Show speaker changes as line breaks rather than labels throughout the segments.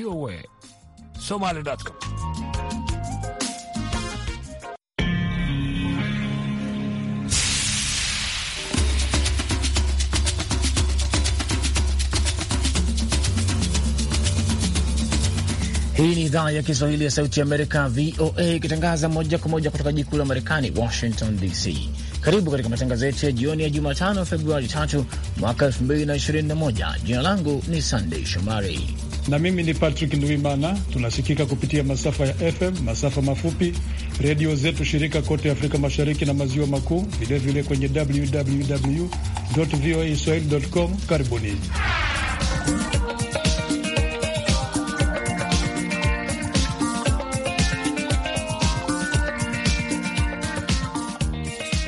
voa somali.com.
Hii ni idhaa ya Kiswahili ya Sauti ya Amerika, VOA, ikitangaza moja kwa moja kutoka jikuu la Marekani, Washington DC. Karibu katika matangazo yetu ya jioni ya Jumatano, Februari 3 mwaka 2021. Jina langu ni Sandei Shomari na mimi ni Patrick Ndwimana. Tunasikika kupitia masafa ya FM, masafa mafupi, redio
zetu shirika kote Afrika Mashariki na Maziwa Makuu, vilevile kwenye www voa swahili com. Karibuni.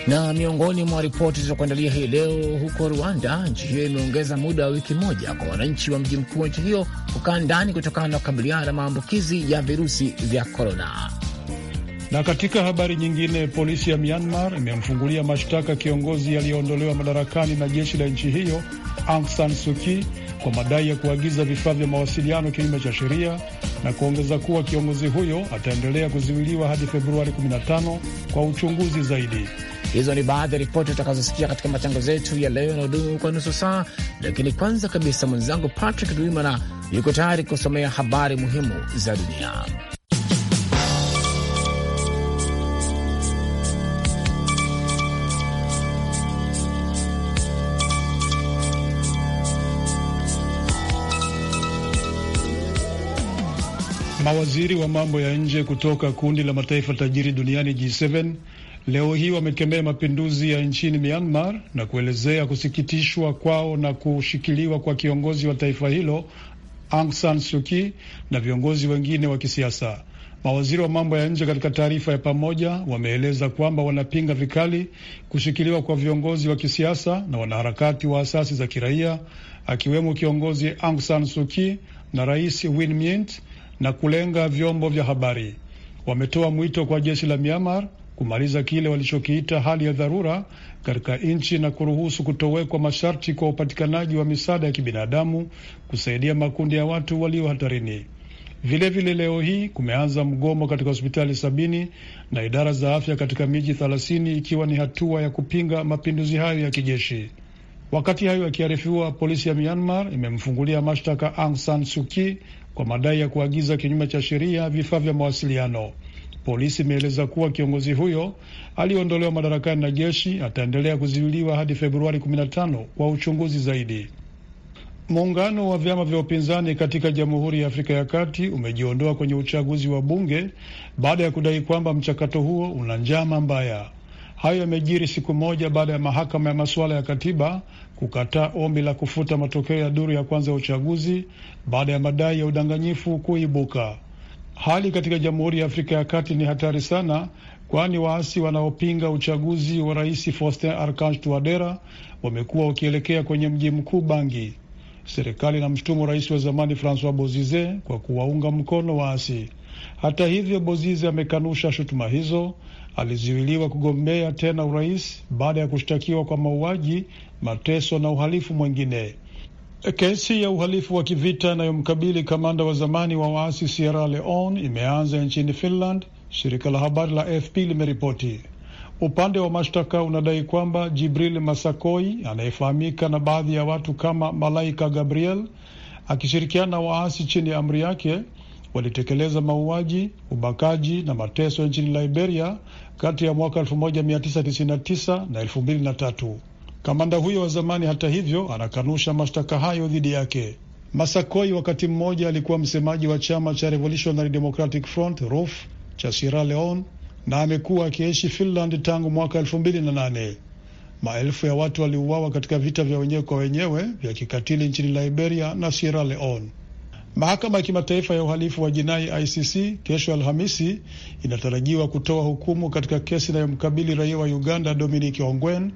Na miongoni mwa ripoti kuandalia hii leo, huko Rwanda, nchi hiyo imeongeza muda wa wiki moja kwa wananchi wa mji mkuu wa nchi hiyo kukaa ndani kutokana na kukabiliana na maambukizi ya virusi vya korona.
Na katika habari nyingine, polisi ya Myanmar imemfungulia mashtaka kiongozi aliyeondolewa madarakani na jeshi la nchi hiyo Aung San Suu Kyi kwa madai ya kuagiza vifaa vya mawasiliano kinyume cha sheria na kuongeza kuwa kiongozi huyo ataendelea kuzuiliwa hadi Februari
15 kwa uchunguzi zaidi. Hizo ni baadhi ya ripoti utakazosikia katika matangazo yetu ya leo yanayodumu kwa nusu saa, lakini kwanza kabisa mwenzangu Patrick Duimana yuko tayari kusomea habari muhimu za dunia.
Mawaziri wa mambo ya nje kutoka kundi la mataifa tajiri duniani G7 leo hii wamekemea mapinduzi ya nchini Myanmar na kuelezea kusikitishwa kwao na kushikiliwa kwa kiongozi wa taifa hilo Aung San Suu Kyi na viongozi wengine wa kisiasa. Mawaziri wa mambo ya nje katika taarifa ya pamoja wameeleza kwamba wanapinga vikali kushikiliwa kwa viongozi wa kisiasa na wanaharakati wa asasi za kiraia akiwemo kiongozi Aung San Suu Kyi na rais Win Myint na kulenga vyombo vya habari. Wametoa mwito kwa jeshi la Myanmar kumaliza kile walichokiita hali ya dharura katika nchi na kuruhusu kutowekwa masharti kwa upatikanaji wa misaada ya kibinadamu kusaidia makundi ya watu walio hatarini. Vilevile leo hii kumeanza mgomo katika hospitali sabini na idara za afya katika miji thelathini ikiwa ni hatua ya kupinga mapinduzi hayo ya kijeshi. Wakati hayo yakiarifiwa, polisi ya Myanmar imemfungulia mashtaka Aung San Suu Kyi kwa madai ya kuagiza kinyume cha sheria vifaa vya mawasiliano. Polisi imeeleza kuwa kiongozi huyo aliyeondolewa madarakani na jeshi ataendelea kuzuiliwa hadi Februari 15 kwa uchunguzi zaidi. Muungano wa vyama vya upinzani katika Jamhuri ya Afrika ya Kati umejiondoa kwenye uchaguzi wa bunge baada ya kudai kwamba mchakato huo una njama mbaya. Hayo yamejiri siku moja baada ya mahakama ya masuala ya katiba kukataa ombi la kufuta matokeo ya duru ya kwanza ya uchaguzi baada ya madai ya udanganyifu kuibuka. Hali katika Jamhuri ya Afrika ya Kati ni hatari sana, kwani waasi wanaopinga uchaguzi wa rais Faustin Archange Touadera wamekuwa wakielekea kwenye mji mkuu Bangi. Serikali inamshutumu rais wa zamani Francois Bozize kwa kuwaunga mkono waasi. Hata hivyo, Bozize amekanusha shutuma hizo. Alizuiliwa kugombea tena urais baada ya kushtakiwa kwa mauaji, mateso na uhalifu mwingine. Eh, kesi ya uhalifu wa kivita inayomkabili kamanda wa zamani wa waasi Sierra Leone imeanza nchini Finland, shirika la habari la AFP limeripoti. Upande wa mashtaka unadai kwamba Jibril Masakoi anayefahamika na baadhi ya watu kama Malaika Gabriel akishirikiana na waasi chini ya amri yake walitekeleza mauaji, ubakaji na mateso nchini Liberia kati ya mwaka 1999 na 2003. Kamanda huyo wa zamani, hata hivyo, anakanusha mashtaka hayo dhidi yake. Masakoi wakati mmoja alikuwa msemaji wa chama cha Revolutionary Democratic Front RUF cha Sierra Leone na amekuwa akiishi Finland tangu mwaka elfu mbili na nane. Maelfu ya watu waliuawa katika vita vya wenyewe kwa wenyewe vya kikatili nchini Liberia na Sierra Leone. Mahakama ya Kimataifa ya Uhalifu wa Jinai ICC kesho Alhamisi inatarajiwa kutoa hukumu katika kesi inayomkabili raia wa Uganda Dominic Ongwen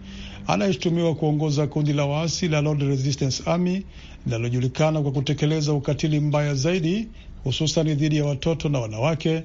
anayeshutumiwa kuongoza kundi la waasi la Lord Resistance Army linalojulikana kwa kutekeleza ukatili mbaya zaidi, hususan dhidi ya watoto na wanawake,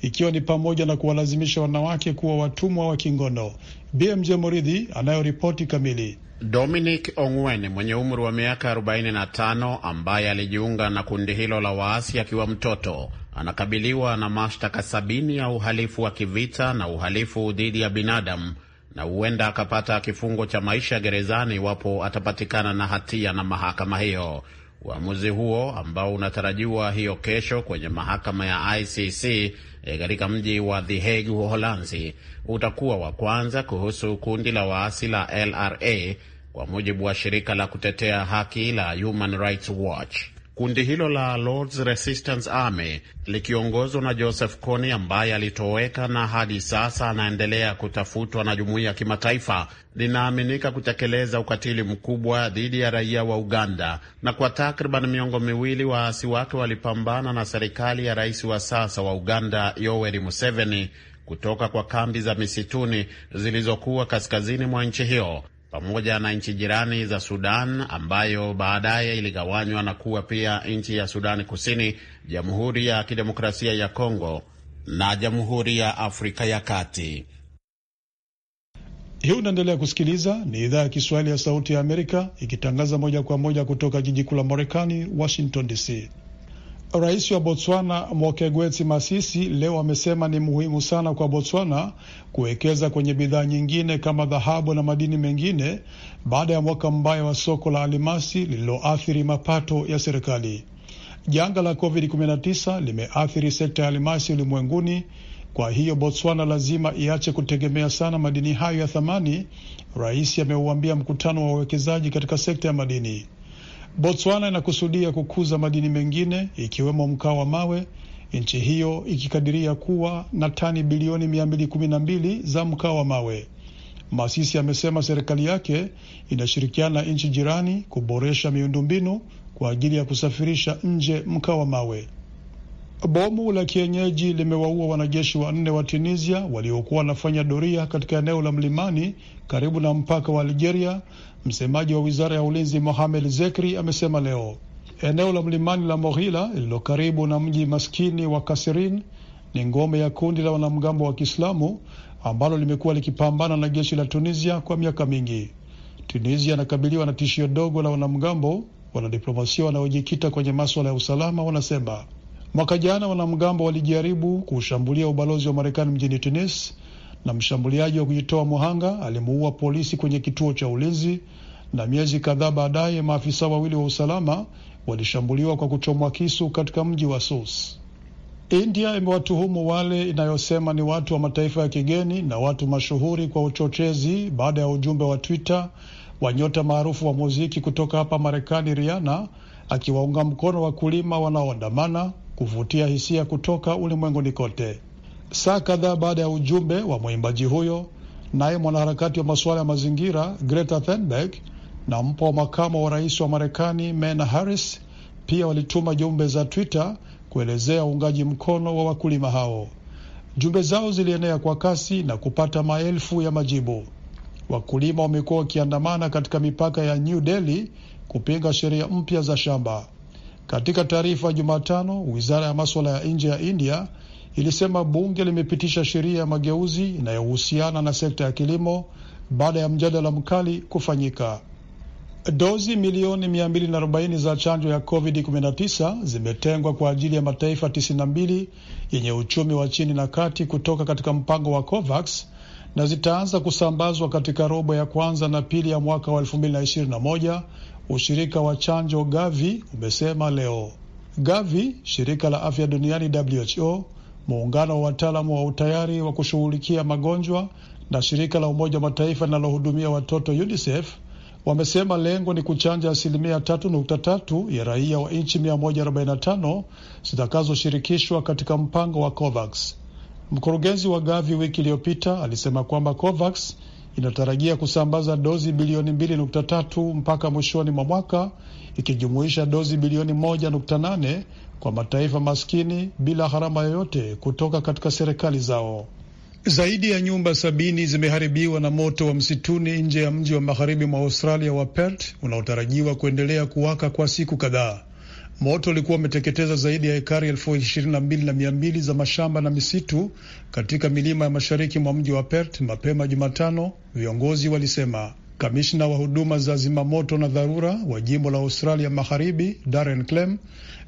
ikiwa ni pamoja na kuwalazimisha wanawake kuwa watumwa wa kingono. BMJ Moridhi anayoripoti kamili. Dominic
Ongwen mwenye umri wa miaka 45 ambaye alijiunga na kundi hilo la waasi akiwa mtoto anakabiliwa na mashtaka sabini ya uhalifu wa kivita na uhalifu dhidi ya binadamu na huenda akapata kifungo cha maisha gerezani iwapo atapatikana na hatia na mahakama hiyo. Uamuzi huo ambao unatarajiwa hiyo kesho kwenye mahakama ya ICC eh, katika e mji wa The Hague, Uholanzi, utakuwa wa kwanza kuhusu kundi la waasi la LRA, kwa mujibu wa shirika la kutetea haki la Human Rights Watch. Kundi hilo la Lords Resistance Army likiongozwa na Joseph Kony ambaye alitoweka na hadi sasa anaendelea kutafutwa na jumuiya ya kimataifa, linaaminika kutekeleza ukatili mkubwa dhidi ya raia wa Uganda, na kwa takriban miongo miwili waasi wake walipambana na serikali ya rais wa sasa wa Uganda Yoweri Museveni kutoka kwa kambi za misituni zilizokuwa kaskazini mwa nchi hiyo pamoja na nchi jirani za Sudan ambayo baadaye iligawanywa na kuwa pia nchi ya Sudani Kusini, Jamhuri ya Kidemokrasia ya Kongo na Jamhuri ya Afrika ya Kati.
Hii unaendelea kusikiliza, ni idhaa ya Kiswahili ya Sauti ya Amerika ikitangaza moja kwa moja kutoka jiji kuu la Marekani, Washington DC. Rais wa Botswana Mokgweetsi Masisi leo amesema ni muhimu sana kwa Botswana kuwekeza kwenye bidhaa nyingine kama dhahabu na madini mengine baada ya mwaka mbaya wa soko la alimasi lililoathiri mapato ya serikali. Janga la COVID-19 limeathiri sekta ya alimasi ulimwenguni. Kwa hiyo Botswana lazima iache kutegemea sana madini hayo ya thamani, rais ameuambia mkutano wa wawekezaji katika sekta ya madini. Botswana inakusudia kukuza madini mengine ikiwemo mkaa wa mawe, nchi hiyo ikikadiria kuwa na tani bilioni 212 za mkaa wa mawe. Masisi amesema serikali yake inashirikiana na nchi jirani kuboresha miundombinu kwa ajili ya kusafirisha nje mkaa wa mawe. Bomu la kienyeji limewaua wanajeshi wanne wa Tunisia waliokuwa wanafanya doria katika eneo la mlimani karibu na mpaka wa Algeria Msemaji wa wizara ya ulinzi Mohamed Zekri amesema leo eneo la mlimani la mohila lililo karibu na mji maskini wa Kasirin ni ngome ya kundi la wanamgambo wa Kiislamu ambalo limekuwa likipambana na jeshi la Tunisia kwa miaka mingi. Tunisia inakabiliwa na tishio dogo la wanamgambo. Wanadiplomasia wanaojikita kwenye maswala ya usalama wanasema mwaka jana wanamgambo walijaribu kuushambulia ubalozi wa Marekani mjini Tunis na mshambuliaji wa kujitoa muhanga alimuua polisi kwenye kituo cha ulinzi, na miezi kadhaa baadaye maafisa wawili wa usalama walishambuliwa kwa kuchomwa kisu katika mji wa Sus. India imewatuhumu wale inayosema ni watu wa mataifa ya kigeni na watu mashuhuri kwa uchochezi baada ya ujumbe wa Twitter wa nyota maarufu wa muziki kutoka hapa Marekani, Rihanna akiwaunga mkono wakulima wanaoandamana kuvutia hisia kutoka ulimwenguni kote saa kadhaa baada ya ujumbe wa mwimbaji huyo. Naye mwanaharakati wa masuala ya mazingira Greta Thunberg na mpo wa makamo wa rais wa Marekani Mena Harris pia walituma jumbe za Twitter kuelezea uungaji mkono wa wakulima hao. Jumbe zao zilienea kwa kasi na kupata maelfu ya majibu. Wakulima wamekuwa wakiandamana katika mipaka ya New Delhi kupinga sheria mpya za shamba. Katika taarifa Jumatano, wizara ya maswala ya nje ya India ilisema bunge limepitisha sheria ya mageuzi inayohusiana na sekta ya kilimo baada ya mjadala mkali kufanyika. Dozi milioni 240 za chanjo ya COVID-19 zimetengwa kwa ajili ya mataifa 92 yenye uchumi wa chini na kati kutoka katika mpango wa COVAX na zitaanza kusambazwa katika robo ya kwanza na pili ya mwaka wa 2021, ushirika wa chanjo Gavi umesema leo. Gavi, shirika la afya duniani WHO, muungano wa wataalamu wa utayari wa kushughulikia magonjwa na shirika la Umoja wa Mataifa linalohudumia watoto UNICEF wamesema lengo ni kuchanja asilimia tatu nukta tatu ya raia wa nchi 145 zitakazoshirikishwa katika mpango wa COVAX. Mkurugenzi wa Gavi wiki iliyopita alisema kwamba COVAX inatarajia kusambaza dozi bilioni 2.3 mpaka mwishoni mwa mwaka ikijumuisha dozi bilioni 1.8 kwa mataifa maskini bila gharama yoyote kutoka katika serikali zao. Zaidi ya nyumba sabini zimeharibiwa na moto wa msituni nje ya mji wa magharibi mwa Australia wa Perth unaotarajiwa kuendelea kuwaka kwa siku kadhaa. Moto ulikuwa umeteketeza zaidi ya hekari elfu ishirini na mbili na mia mbili za mashamba na misitu katika milima ya mashariki mwa mji wa Perth mapema Jumatano, viongozi walisema. Kamishna wa huduma za zimamoto na dharura wa jimbo la Australia Magharibi, Darren Clem,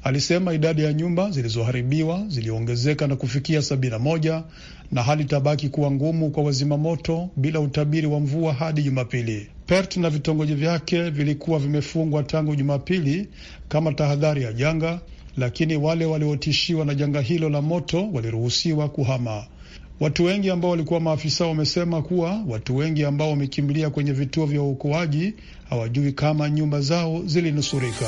alisema idadi ya nyumba zilizoharibiwa ziliongezeka na kufikia sabini na moja na hali tabaki kuwa ngumu kwa wazimamoto bila utabiri wa mvua hadi Jumapili. Perth na vitongoji vyake vilikuwa vimefungwa tangu Jumapili kama tahadhari ya janga, lakini wale waliotishiwa na janga hilo la moto waliruhusiwa kuhama. Watu wengi ambao walikuwa maafisa wamesema kuwa watu wengi ambao wamekimbilia kwenye vituo vya uokoaji hawajui kama nyumba zao zilinusurika.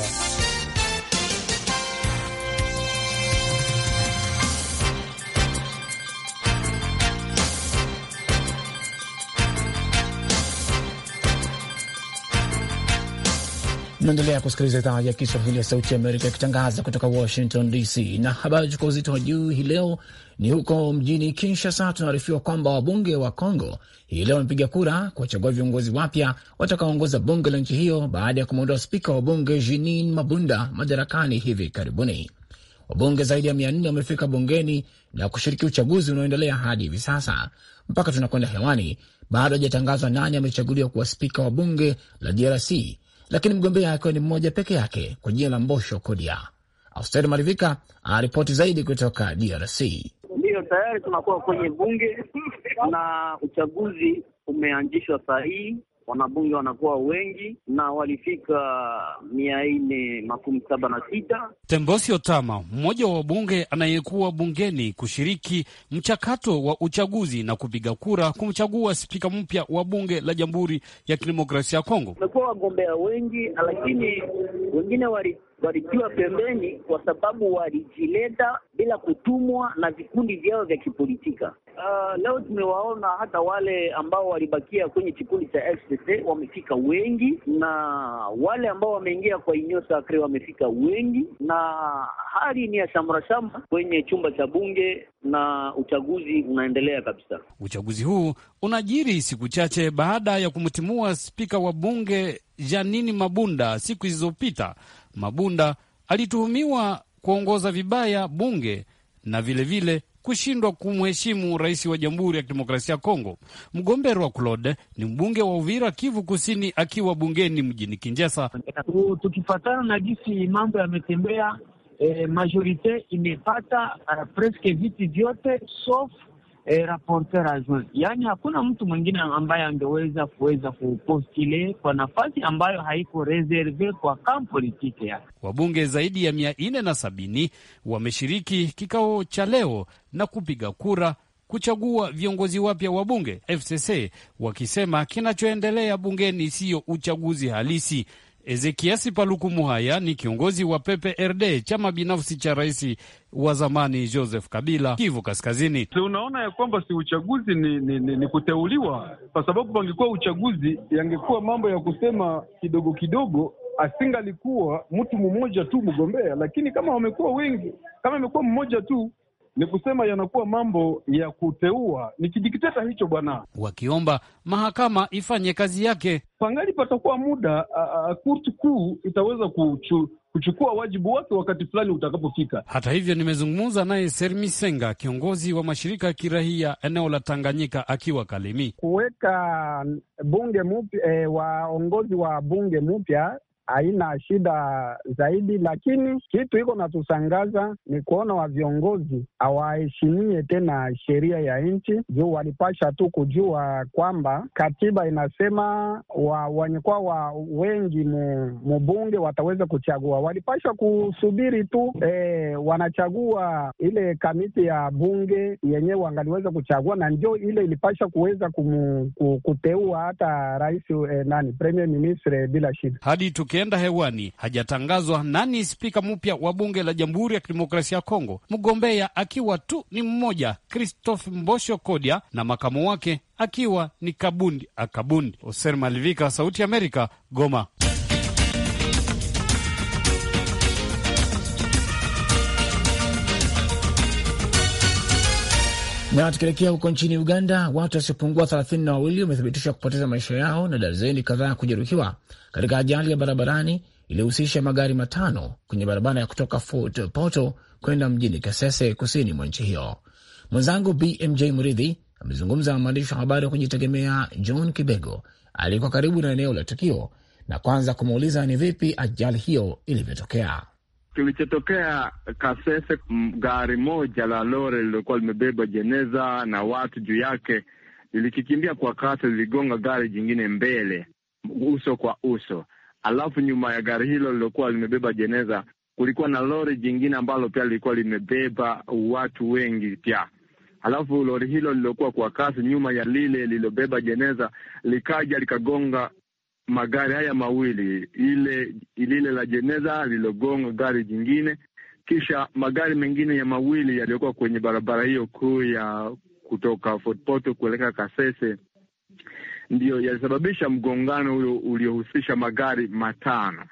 Unaendelea kusikiliza idhaa ya Kiswahili ya Sauti ya Amerika ikitangaza kutoka Washington DC, na habari chukua uzito wa juu hii leo ni huko mjini Kinshasa. Tunaarifiwa kwamba wabunge wa congo hii leo wamepiga kura kuwachagua viongozi wapya watakaoongoza bunge la nchi hiyo baada ya kumwondoa spika wa bunge Jeanine Mabunda madarakani hivi karibuni. Wabunge zaidi ya mia nne wamefika bungeni na kushiriki uchaguzi unaoendelea hadi hivi sasa. Mpaka tunakwenda hewani, bado hajatangazwa nani amechaguliwa kuwa spika wa bunge la DRC lakini mgombea akiwa ni mmoja peke yake kwa jina la Mbosho Kodia. Austeri Marivika aripoti zaidi kutoka DRC.
Ndiyo, tayari tunakuwa kwenye bunge na uchaguzi umeanzishwa saa hii wanabunge wanakuwa wengi na walifika mia nne makumi saba na sita.
Tembosio Tama, mmoja wa wabunge anayekuwa bungeni kushiriki mchakato wa uchaguzi na kupiga kura kumchagua spika mpya wa bunge la Jamhuri ya Kidemokrasia ya Kongo.
Wamekuwa wagombea wengi, lakini wengine wali walitiwa pembeni kwa sababu walijileta bila kutumwa na vikundi vyao vya kipolitika. Uh, leo tumewaona hata wale ambao walibakia kwenye kikundi cha FCC wamefika wengi, na wale ambao wameingia kwa Union Sacre wamefika wengi, na hali ni ya shamra kwenye chumba cha bunge na uchaguzi unaendelea kabisa.
Uchaguzi huu unajiri siku chache baada ya kumtimua spika wa bunge Janini Mabunda siku zilizopita Mabunda alituhumiwa kuongoza vibaya bunge na vilevile vile kushindwa kumheshimu rais wa Jamhuri ya Kidemokrasia ya Kongo. Mgombea wa Claude ni mbunge wa Uvira, Kivu Kusini, akiwa bungeni mjini kinjasa Tukifatana na jinsi mambo yametembea, eh, majorite
imepata uh, eh, preske viti vyote sof e, eh, rapporteur adjoint, yaani hakuna mtu mwingine ambaye angeweza kuweza kupostile kwa nafasi ambayo haiko reserve kwa kamp politike ya.
Wabunge zaidi ya mia nne na sabini wameshiriki kikao cha leo na kupiga kura kuchagua viongozi wapya wa bunge FCC wakisema kinachoendelea bungeni siyo uchaguzi halisi Ezekiasi Paluku Muhaya ni kiongozi wa PPRD, chama binafsi cha rais wa zamani Joseph Kabila, Kivu Kaskazini. Si unaona ya kwamba si uchaguzi ni, ni, ni, ni kuteuliwa, kwa sababu pangekuwa uchaguzi yangekuwa mambo ya kusema kidogo kidogo asingalikuwa mtu mmoja tu mgombea, lakini kama wamekuwa wengi, kama amekuwa mmoja tu, ni kusema yanakuwa mambo ya kuteua, ni kidikteta hicho bwana, wakiomba mahakama ifanye kazi yake. Pangali patakuwa muda, kurti kuu itaweza kuchu, kuchukua wajibu wake wakati fulani utakapofika. Hata hivyo, nimezungumza naye Sermi Senga, kiongozi wa mashirika ya kirahia eneo la Tanganyika, akiwa Kalemi. Kuweka bunge mpya, e, eh, waongozi wa bunge mpya haina shida zaidi, lakini kitu iko natusangaza ni kuona wa viongozi hawaheshimie tena sheria ya nchi, juu walipasha tu kujua kwamba katiba inasema wa wanyekwa wa wengi mu, mubunge wataweza kuchagua. Walipasha kusubiri tu e, wanachagua ile kamiti ya bunge yenyewe wangaliweza kuchagua, na ndio ile ilipasha kuweza kumu, kuteua hata rais e, nani premier ministre bila shida hadi ukienda hewani, hajatangazwa nani spika mpya wa bunge la Jamhuri ya Kidemokrasia ya Kongo, mgombea akiwa tu ni mmoja, Christophe Mbosho Kodia, na makamu wake akiwa ni Kabundi Akabundi. Oser Malivika, Sauti ya Amerika, Goma.
Na tukielekea huko nchini Uganda, watu wasiopungua thelathini na wawili wamethibitishwa kupoteza maisha yao na darzeni kadhaa kujeruhiwa katika ajali ya barabarani iliyohusisha magari matano kwenye barabara ya kutoka Fort Poto kwenda mjini Kasese, kusini mwa nchi hiyo. Mwenzangu BMJ Mridhi amezungumza na mwandishi wa habari wa kujitegemea John Kibego aliyekuwa karibu na eneo la tukio na kwanza kumuuliza ni vipi ajali hiyo ilivyotokea
kilichotokea Kasese, gari moja la lore lililokuwa limebeba jeneza na watu juu yake lilikikimbia kwa kasi, liligonga gari jingine mbele, uso kwa uso. Alafu nyuma ya gari hilo lilokuwa limebeba jeneza kulikuwa na lori jingine ambalo pia lilikuwa limebeba watu wengi pia. Alafu lori hilo lilokuwa kwa kasi nyuma ya lile lililobeba jeneza likaja likagonga magari haya mawili, ile lile la jeneza lilogonga gari jingine, kisha magari mengine ya mawili yaliyokuwa kwenye barabara hiyo kuu ya kutoka Fort Portal kuelekea Kasese ndiyo yalisababisha mgongano huyo uliohusisha magari matano.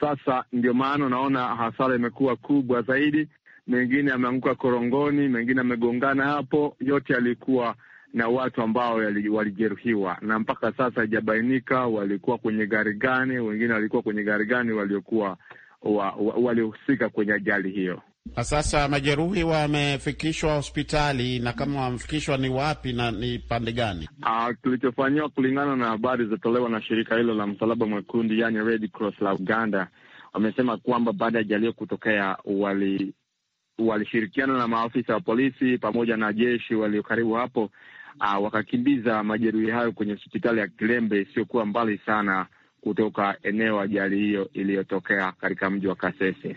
Sasa ndio maana unaona hasara imekuwa kubwa zaidi. Mengine yameanguka korongoni, mengine yamegongana hapo, yote yalikuwa na watu ambao walijeruhiwa, na mpaka sasa haijabainika walikuwa kwenye gari gani, wengine walikuwa kwenye gari gani waliokuwa wa, wa, walihusika kwenye ajali hiyo.
Na sasa majeruhi wamefikishwa hospitali, na kama wamefikishwa ni wapi na ni pande gani?
Ah, kilichofanyiwa kulingana na habari zilizotolewa na shirika hilo la Msalaba Mwekundu, yani Red Cross la Uganda, wamesema kwamba baada ya ajali kutokea wali walishirikiana na maafisa wa polisi pamoja na jeshi waliokaribu hapo uh, wakakimbiza majeruhi hayo kwenye hospitali ya Kilembe isiyokuwa mbali sana kutoka eneo ajali hiyo iliyotokea katika mji wa Kasese.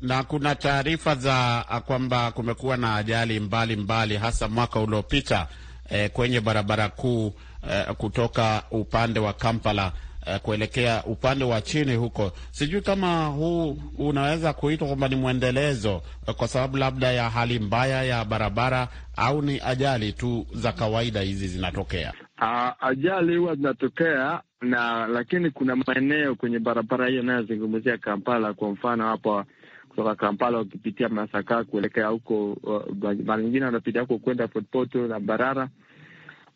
Na kuna taarifa za kwamba kumekuwa na ajali mbalimbali mbali, hasa mwaka uliopita eh, kwenye barabara kuu eh, kutoka upande wa Kampala uh, kuelekea upande wa chini huko. Sijui kama huu unaweza kuitwa kwamba ni mwendelezo uh, kwa sababu labda ya hali mbaya ya barabara au ni ajali tu za kawaida hizi zinatokea?
Uh, ajali huwa zinatokea na lakini kuna maeneo kwenye barabara hiyo inayozungumzia Kampala, kwa mfano hapa kutoka Kampala wakipitia Masaka kuelekea huko, uh, mara nyingine wanapitia huko kwenda Potpoto na Barara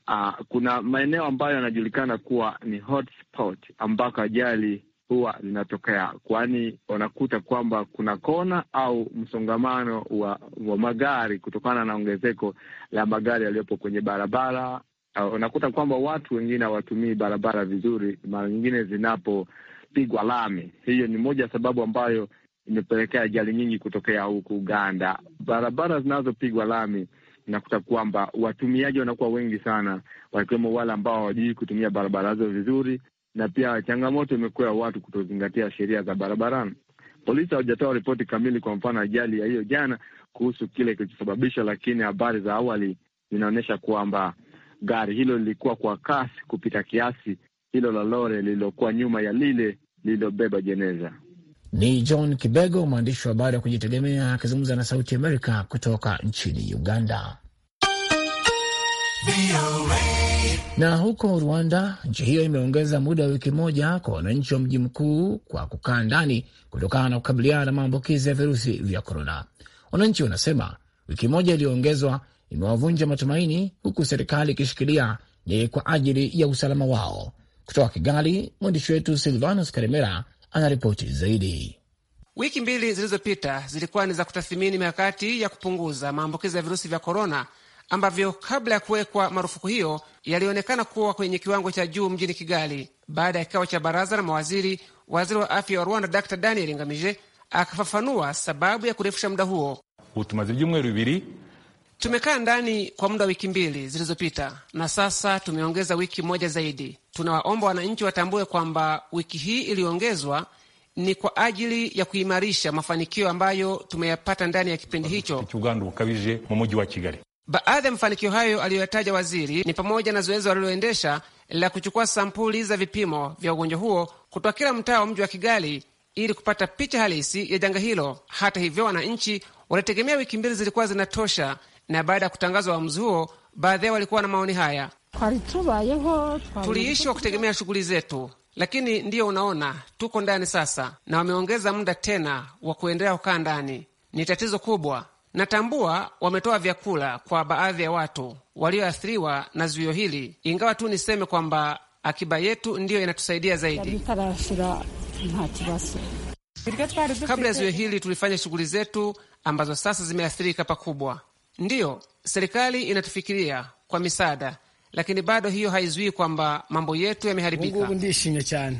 uh, kuna maeneo ambayo yanajulikana kuwa ni hotspot ambako ajali huwa linatokea, kwani wanakuta kwamba kuna kona au msongamano wa, wa magari kutokana na ongezeko la magari yaliyopo kwenye barabara. Ah, unakuta kwamba watu wengine hawatumii barabara vizuri, mara nyingine zinapopigwa lami. Hiyo ni moja ya sababu ambayo imepelekea ajali nyingi kutokea huku Uganda. Barabara zinazopigwa lami unakuta kwamba watumiaji wanakuwa wengi sana, wakiwemo wale ambao hawajui kutumia barabara hizo vizuri, na pia changamoto imekuwa ya watu kutozingatia sheria za barabarani. Polisi hawajatoa ripoti kamili, kwa mfano ajali ya hiyo jana, kuhusu kile kilichosababisha, lakini habari za awali zinaonyesha kwamba gari hilo lilikuwa kwa kasi kupita kiasi, hilo la lore lililokuwa nyuma ya lile lililobeba jeneza.
Ni John Kibego, mwandishi wa habari wa kujitegemea akizungumza na Sauti Amerika kutoka nchini Uganda. Na huko Rwanda, nchi hiyo imeongeza muda wa wiki moja kwa wananchi wa mji mkuu kwa kukaa ndani kutokana na kukabiliana na maambukizi ya virusi vya korona. Wananchi wanasema wiki moja iliyoongezwa imewavunja matumaini, huku serikali ikishikilia ni kwa ajili ya usalama wao. Kutoka Kigali, mwandishi wetu Silvanus Karimera anaripoti zaidi.
Wiki mbili zilizopita zilikuwa ni za kutathimini mikakati ya kupunguza maambukizi ya virusi vya korona ambavyo kabla ya kuwekwa marufuku hiyo yalionekana kuwa kwenye kiwango cha juu mjini Kigali. Baada ya kikao cha baraza la mawaziri, waziri wa afya wa Rwanda Dr Daniel Ngamije akafafanua sababu ya kurefusha muda huo. utumaze ibyumweru bibiri Tumekaa ndani kwa muda wa wiki mbili zilizopita na sasa tumeongeza wiki moja zaidi. Tunawaomba wananchi watambue kwamba wiki hii iliyoongezwa ni kwa ajili ya kuimarisha mafanikio ambayo tumeyapata ndani ya kipindi hicho. Baadhi ya mafanikio hayo aliyoyataja waziri ni pamoja na zoezi waliloendesha la kuchukua sampuli za vipimo vya ugonjwa huo kutoka kila mtaa wa mji wa Kigali ili kupata picha halisi ya janga hilo. Hata hivyo, wananchi walitegemea wiki mbili zilikuwa zinatosha na baada ya kutangazwa uamuzi huo, baadhi yao walikuwa na maoni haya: tuliishi kwa kutegemea shughuli zetu, lakini ndiyo unaona tuko ndani sasa, na wameongeza muda tena wa kuendelea kukaa ndani. Ni tatizo kubwa. Natambua wametoa vyakula kwa baadhi ya watu walioathiriwa na zuio hili, ingawa tu niseme kwamba akiba yetu ndiyo inatusaidia zaidi. Kabla ya zuio hili tulifanya shughuli zetu ambazo sasa zimeathirika pakubwa. Ndiyo, serikali inatufikiria kwa misaada, lakini bado hiyo haizuii kwamba mambo yetu yameharibika.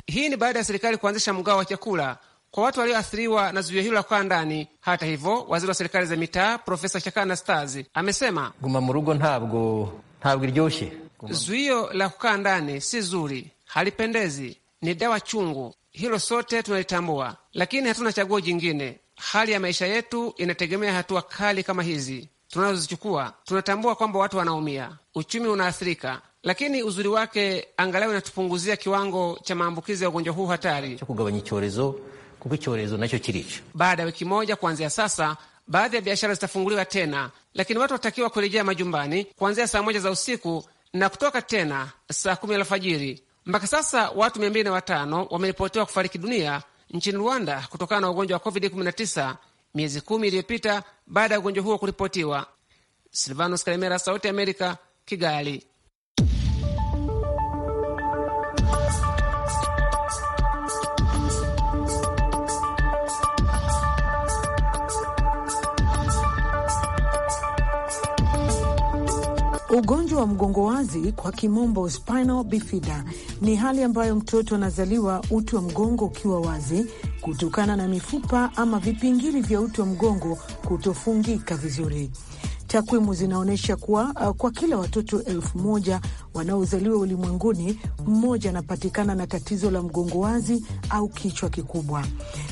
Hii ni baada ya serikali kuanzisha mgao wa chakula kwa watu walioathiriwa na zuio hilo la kukaa ndani. Hata hivyo, waziri wa serikali za mitaa Profesa Shakana Stazi amesema
guma murugo ntabwo ntabwo
zuio la kukaa ndani si zuri, halipendezi, ni dawa chungu. Hilo sote tunalitambua, lakini hatuna chaguo jingine. Hali ya maisha yetu inategemea hatua kali kama hizi tunazozichukua tunatambua kwamba watu wanaumia, uchumi unaathirika, lakini uzuri wake angalau inatupunguzia kiwango cha maambukizi ya ugonjwa huu hatari chokugabanya chorezo kuko chorezo nacho chilicho. Baada ya wiki moja kuanzia sasa, baadhi ya biashara zitafunguliwa tena, lakini watu watakiwa kurejea majumbani kuanzia saa moja za usiku na kutoka tena saa kumi alfajiri. Mpaka sasa watu mia mbili na watano wameripotiwa kufariki dunia nchini Rwanda kutokana na ugonjwa wa COVID-19 miezi kumi iliyopita baada ya ugonjwa huo kuripotiwa. Silvanus Kalemera, Sauti Amerika, Kigali.
Ugonjwa wa mgongo wazi kwa kimombo spinal bifida ni hali ambayo mtoto anazaliwa uti wa mgongo ukiwa wazi kutokana na mifupa ama vipingili vya uti wa mgongo kutofungika vizuri. Takwimu zinaonyesha kuwa uh, kwa kila watoto elfu moja wanaozaliwa ulimwenguni, mmoja anapatikana na tatizo la mgongo wazi au kichwa kikubwa.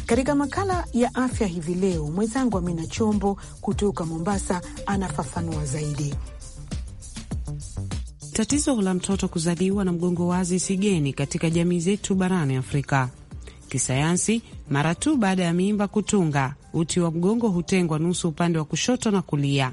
Katika makala ya afya hivi leo, mwenzangu Amina Chombo kutoka Mombasa anafafanua zaidi. Tatizo la mtoto kuzaliwa na mgongo wazi si geni katika jamii zetu barani Afrika. Kisayansi, mara tu baada ya mimba kutunga, uti wa mgongo hutengwa nusu upande wa kushoto na kulia,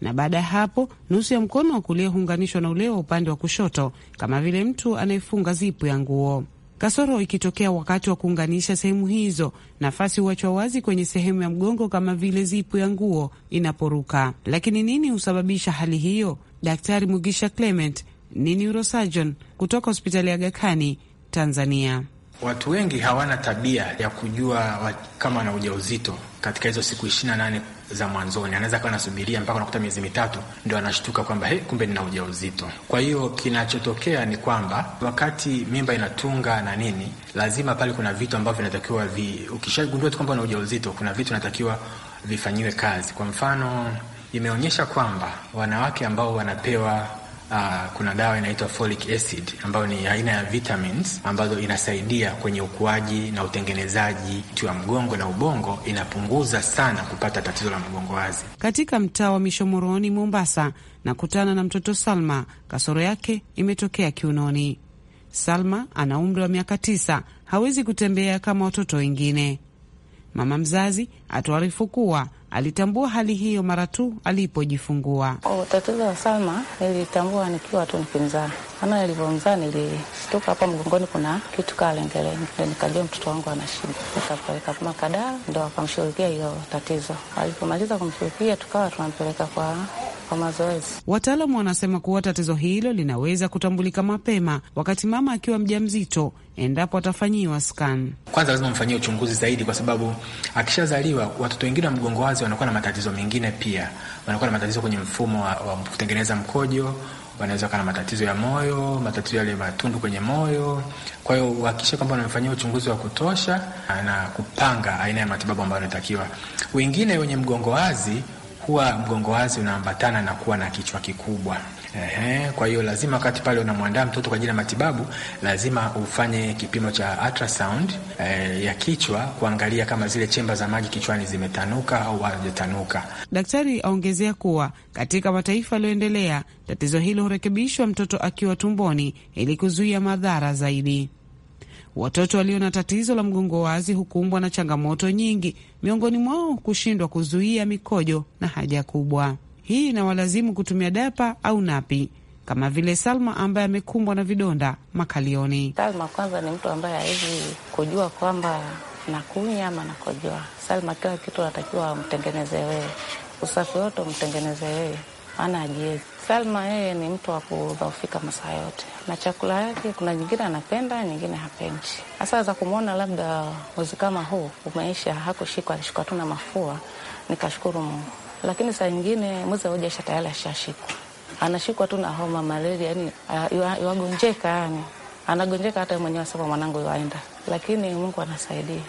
na baada ya hapo nusu ya mkono wa kulia huunganishwa na ule wa upande wa kushoto, kama vile mtu anayefunga zipu ya nguo. Kasoro ikitokea wakati wa kuunganisha sehemu hizo, nafasi huachwa wazi kwenye sehemu ya mgongo, kama vile zipu ya nguo inaporuka. Lakini nini husababisha hali hiyo? Daktari Mugisha Clement ni neurosurgeon kutoka hospitali ya Gakani, Tanzania.
Watu wengi hawana tabia ya kujua kama wana ujauzito katika hizo siku ishirini na nane za mwanzoni anaweza kawa anasubiria mpaka anakuta miezi mitatu ndo anashtuka kwamba hey, kumbe nina ujauzito. Kwa hiyo kinachotokea ni kwamba wakati mimba inatunga na nini, lazima pale kuna vitu ambavyo vinatakiwa vi, ukishagundua tu kwamba una ujauzito, kuna vitu vinatakiwa vifanyiwe kazi. Kwa mfano imeonyesha kwamba wanawake ambao wanapewa Uh, kuna dawa inaitwa folic acid ambayo ni aina ya vitamins ambazo inasaidia kwenye ukuaji na utengenezaji wa mgongo na ubongo, inapunguza sana kupata tatizo la mgongo wazi.
Katika mtaa wa Mishomoroni, Mombasa, nakutana na mtoto Salma, kasoro yake imetokea kiunoni. Salma ana umri wa miaka tisa, hawezi kutembea kama watoto wengine. Mama mzazi atuarifu kuwa Alitambua hali hiyo mara tu alipojifungua.
Oh, tatizo la Salma nilitambua nikiwa tu nikimzaa, maana nilivyomzaa nilishtuka hapa mgongoni kuna kitu kaa lengelenge, ndo nikajua mtoto wangu ana shida, nikapeleka Makadara ndo akamshughulikia hiyo tatizo. Alipomaliza kumshughulikia, tukawa tunampeleka kwa kwa mazoezi.
Wataalamu wanasema kuwa tatizo hilo linaweza kutambulika mapema wakati mama akiwa mjamzito endapo atafanyiwa scan.
Kwanza lazima mfanyie uchunguzi zaidi, kwa sababu akishazaliwa watoto wengine wa mgongo wazi wanakuwa na matatizo mengine pia, wanakuwa na matatizo kwenye mfumo wa, wa kutengeneza mkojo wanaweza kuwa na matatizo ya moyo, matatizo yale matundu kwenye moyo. Kwa hiyo uhakikishe kwamba unamfanyia uchunguzi wa kutosha na kupanga aina ya matibabu ambayo anatakiwa. Wengine wenye mgongo wazi huwa mgongo wazi unaambatana na kuwa na kichwa kikubwa. Ehe, kwa hiyo lazima wakati pale unamwandaa mtoto kwa ajili ya matibabu lazima ufanye kipimo cha ultrasound e, ya kichwa kuangalia kama zile chemba za maji kichwani zimetanuka au hazijatanuka. Daktari aongezea kuwa katika mataifa yaliyoendelea tatizo hilo hurekebishwa mtoto
akiwa tumboni ili kuzuia madhara zaidi. Watoto walio na tatizo la mgongo wazi hukumbwa na changamoto nyingi, miongoni mwao kushindwa kuzuia mikojo na haja kubwa. Hii inawalazimu kutumia dapa au napi, kama vile Salma ambaye amekumbwa na vidonda makalioni.
Salma kwanza ni mtu ambaye hawezi kujua kwamba nakunya ama nakojoa. Salma kila kitu anatakiwa amtengeneze wewe, usafi wote umtengeneze wewe, maana ajiwezi. Salma yeye ni mtu wa kudhaufika masaa yote, na chakula yake kuna nyingine anapenda, nyingine hapendi. Hasa za kumwona labda mwezi kama huu umeisha, hakushikwa alishikwa tu na mafua, nikashukuru Mungu lakini saa ingine mwizi aujaisha tayari ashashikwa, anashikwa tu na homa, malaria, yani iwagonjeka, ah, ah, yani anagonjeka hata mwenyewe. asema mwanangu iwaenda, lakini Mungu anasaidia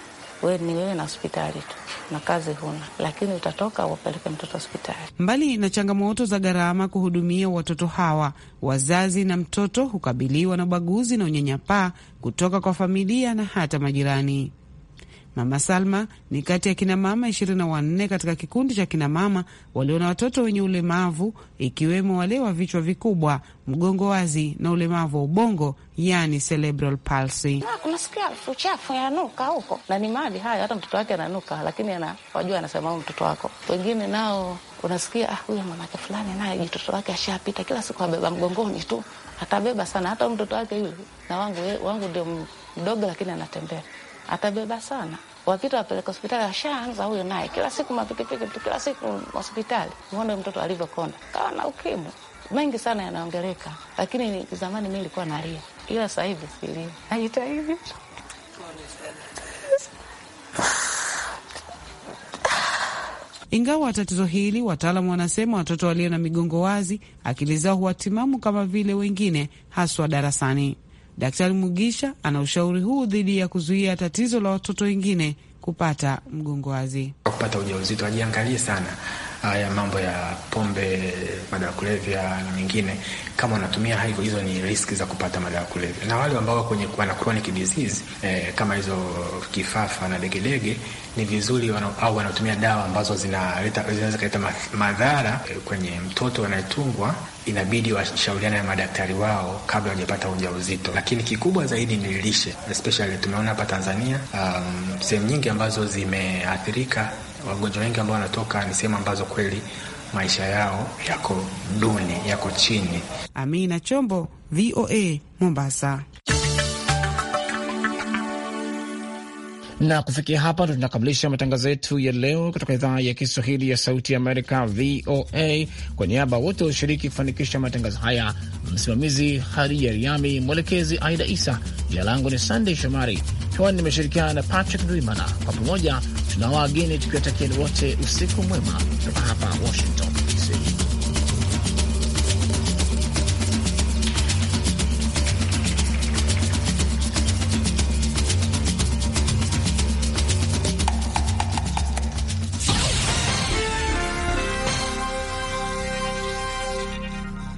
We, ni wewe na hospitali tu na kazi huna, lakini utatoka wapeleke mtoto hospitali.
Mbali na changamoto za gharama kuhudumia watoto hawa, wazazi na mtoto hukabiliwa na ubaguzi na unyanyapaa kutoka kwa familia na hata majirani. Mama Salma ni kati ya kinamama ishirini na wanne katika kikundi cha kinamama walio na watoto wenye ulemavu ikiwemo wale wa vichwa vikubwa, mgongo wazi na ulemavu wa ubongo, yani cerebral palsy.
Ah, unasikia uchafu yanuka huko, na ni mali hayo, hata mtoto wake ananuka, lakini anasema mtoto wako. Wengine nao unasikia ah, huyo fulani naye mtoto wake ashapita, kila siku abeba mgongoni tu, atabeba sana, hata mtoto wake yule na wangu, wangu ndio mdogo, lakini anatembea atabeba sana wakati wapeleka hospitali, ashaanza huyo naye, kila siku mapikipiki tu, kila siku hospitali. uone mtoto alivyokonda, kawa na ukimwi. Mengi sana yanaongeleka, lakini zamani mi ilikuwa nalia, ila sahivi hivi silia, najitahidi Ingawa tatizo
hili wataalamu wanasema watoto walio na migongo wazi akili zao huwa timamu kama vile wengine, haswa darasani. Daktari Mugisha ana ushauri huu dhidi ya kuzuia tatizo la watoto wengine kupata mgongo wazi.
Kupata ujauzito ajiangalie sana haya mambo ya pombe, madawa ya kulevya na mengine, kama wanatumia hivyo, hizo ni riski za kupata madawa ya kulevya. Na wale ambao kwenye na chronic disease eh, kama hizo kifafa na degedege, ni vizuri wana, au wanatumia dawa ambazo zinaleta zinaweza kuleta madhara eh, kwenye mtoto anayetungwa, inabidi washauriane na madaktari wao kabla hawajapata ujauzito. Lakini kikubwa zaidi ni lishe, especially tumeona hapa Tanzania um, sehemu nyingi ambazo zimeathirika wagonjwa wengi ambao wanatoka ni sehemu ambazo kweli maisha yao yako duni, yako chini. Amina Chombo,
VOA, Mombasa. Na kufikia hapa ndo tunakamilisha matangazo yetu ya leo kutoka idhaa ya Kiswahili ya Sauti ya Amerika, VOA. Kwa niaba wote walioshiriki kufanikisha matangazo haya, msimamizi Haria Riami, mwelekezi Aida Isa. Jina langu ni Sandey Shomari, hewani nimeshirikiana na Patrick Duimana. Kwa pamoja tuna wageni tukiwatakieni wote usiku mwema kutoka hapa Washington DC.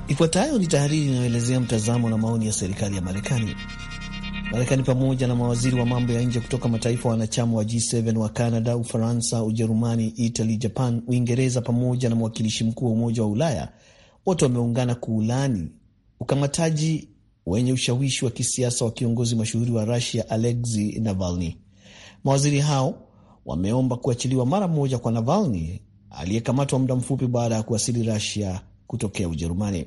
Ifuatayo ni tahariri inayoelezea mtazamo na maoni ya serikali ya Marekani. Marekani pamoja na mawaziri wa mambo ya nje kutoka mataifa wanachama wa G7 wa Canada, Ufaransa, Ujerumani, Italy, Japan, Uingereza pamoja na mwakilishi mkuu wa Umoja wa Ulaya wote wameungana kuulani ukamataji wenye ushawishi wa kisiasa wa kiongozi mashuhuri wa Rusia Alexei Navalny. Mawaziri hao wameomba kuachiliwa mara moja kwa Navalny aliyekamatwa muda mfupi baada ya kuwasili Rusia kutokea Ujerumani.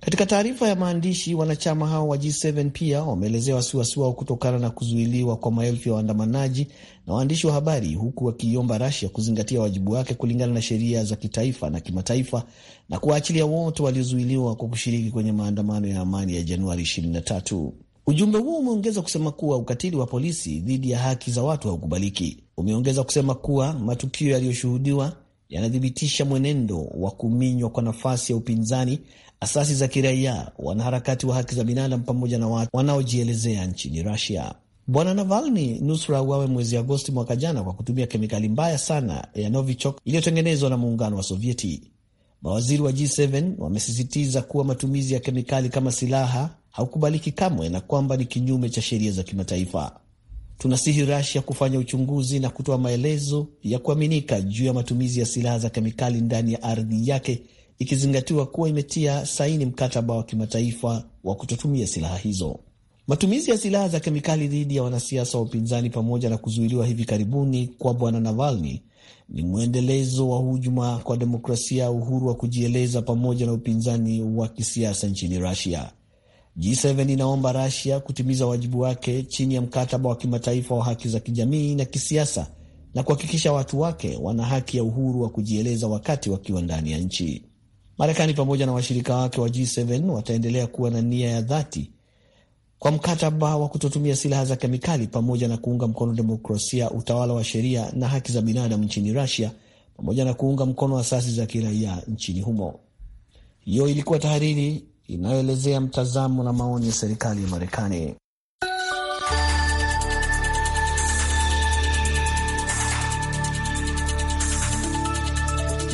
Katika taarifa ya maandishi, wanachama hao wa G7 pia wameelezea wasiwasi wao kutokana na kuzuiliwa kwa maelfu ya waandamanaji na waandishi wa habari, huku wakiiomba Rasia kuzingatia wajibu wake kulingana na sheria za kitaifa na kimataifa na kuwaachilia wote waliozuiliwa kwa kushiriki kwenye maandamano ya amani ya Januari 23. Ujumbe huo umeongeza kusema kuwa ukatili wa polisi dhidi ya haki za watu haukubaliki. Umeongeza kusema kuwa matukio yaliyoshuhudiwa yanathibitisha mwenendo wa kuminywa kwa nafasi ya upinzani asasi za kiraia, wanaharakati wa haki za binadamu pamoja na watu wanaojielezea nchini Rusia. Bwana Navalny nusra uawe mwezi Agosti mwaka jana kwa kutumia kemikali mbaya sana ya Novichok iliyotengenezwa na muungano wa Sovieti. Mawaziri wa G7 wamesisitiza kuwa matumizi ya kemikali kama silaha haukubaliki kamwe na kwamba ni kinyume cha sheria za kimataifa. Tunasihi Rasia kufanya uchunguzi na kutoa maelezo ya kuaminika juu ya matumizi ya silaha za kemikali ndani ya ardhi yake ikizingatiwa kuwa imetia saini mkataba wa kimataifa wa kutotumia silaha hizo. Matumizi ya silaha za kemikali dhidi ya wanasiasa wa upinzani pamoja na kuzuiliwa hivi karibuni kwa bwana Navalny ni mwendelezo wa hujuma kwa demokrasia, uhuru wa kujieleza pamoja na upinzani wa kisiasa nchini rusia G7 inaomba rasia kutimiza wajibu wake chini ya mkataba wa kimataifa wa haki za kijamii na kisiasa na kuhakikisha watu wake wana haki ya uhuru wa kujieleza wakati wakiwa ndani ya nchi. Marekani pamoja na washirika wake wa G7 wataendelea kuwa na nia ya dhati kwa mkataba wa kutotumia silaha za kemikali pamoja na kuunga mkono demokrasia, utawala wa sheria na haki za binadamu nchini rusia pamoja na kuunga mkono asasi za kiraia nchini humo. Hiyo ilikuwa tahariri inayoelezea mtazamo na maoni ya serikali ya Marekani.